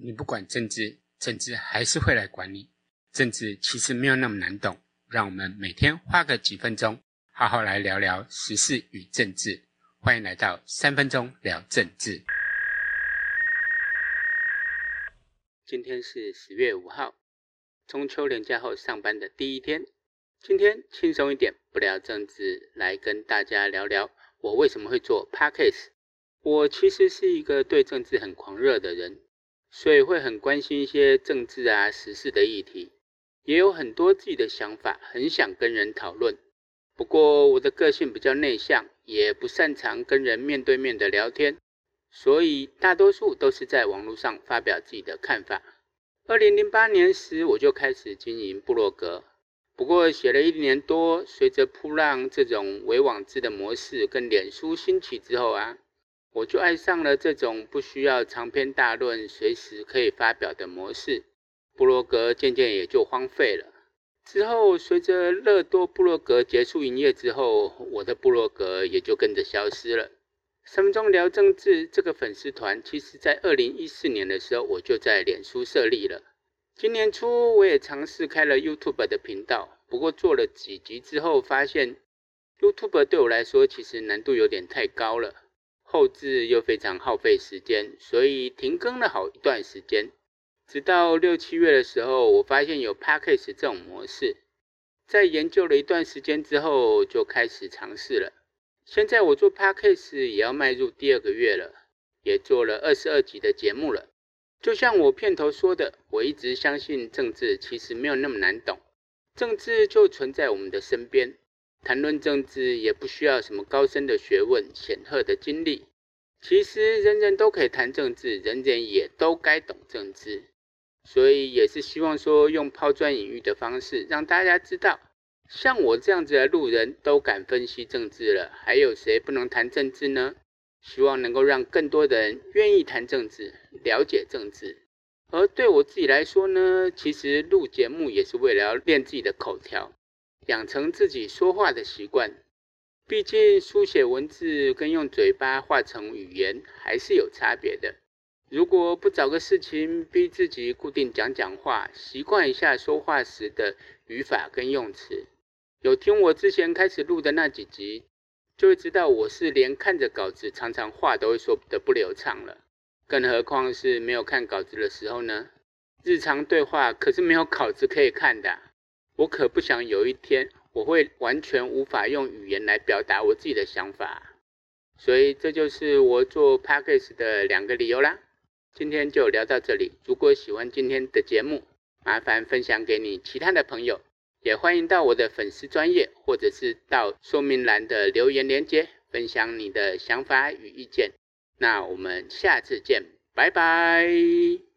你不管政治，政治還是會來管你。政治其實沒有那麼難懂，讓我們每天花個幾分鐘，好好來聊聊時事與政治。歡迎來到三分鐘聊政治。今天是十月五號，中秋連假後上班的第一天。今天輕鬆一點，不聊政治，來跟大家聊聊我為什麼會做 Podcast。我其實是一個對政治很狂熱的人。所以會很關心一些政治啊、時事的議題，也有很多自己的想法，很想跟人討論。不過我的個性比較內向，也不擅長跟人面對面的聊天，所以大多數都是在網絡上發表自己的看法。二零零八年時，我就開始經營部落格，不過寫了一年多，隨着噗浪這種微網誌的模式跟臉書興起之後啊。我就愛上了這種不需要長篇大論、隨時可以發表的模式，部落格漸漸也就荒廢了。之後，隨着樂多部落格結束營業之後，我的部落格也就跟着消失了。三分鐘聊政治這個粉絲團，其實在二零一四年的時候我就在臉書設立了。今年初，我也嘗試開了 YouTube 的頻道，不過做了幾集之後，發現 YouTube 對我來說其實難度有點太高了。後製又非常耗費時間，所以停更了好一段時間。直到六七月的時候，我發現有 podcast 這種模式，在研究了一段時間之後，就開始嘗試了。現在我做 podcast 也要邁入第二個月了，也做了二十二集的節目了。就像我片頭說的，我一直相信政治其實沒有那麼難懂，政治就存在我們的身邊。談論政治也不需要什麼高深的學問、顯赫的經歷。其實人人都可以談政治，人人也都該懂政治。所以也是希望說，用拋磚引玉的方式，讓大家知道，像我這樣子的路人都敢分析政治了，還有誰不能談政治呢？希望能夠讓更多的人願意談政治，了解政治。而對我自己來說呢，其實錄節目也是為了要練自己的口條。養成自己說話的習慣，畢竟書寫文字跟用嘴巴化成語言還是有差別的。如果不找個事情逼自己固定講講話，習慣一下說話時的語法跟用詞，有聽我之前開始錄的那幾集，就會知道我是連看着稿子常常話都會說的不，不流暢了，更何況是沒有看稿子的時候呢？日常對話可是沒有稿子可以看的啊。我可不想有一天我會完全無法用語言來表達我自己的想法，所以這就是我做 podcast 的兩個理由啦。今天就聊到這裡，如果喜歡今天的節目，麻煩分享給你其他的朋友，也歡迎到我的粉絲專頁，或者是到說明欄的留言連結，分享你的想法與意見。那我們下次見，拜拜。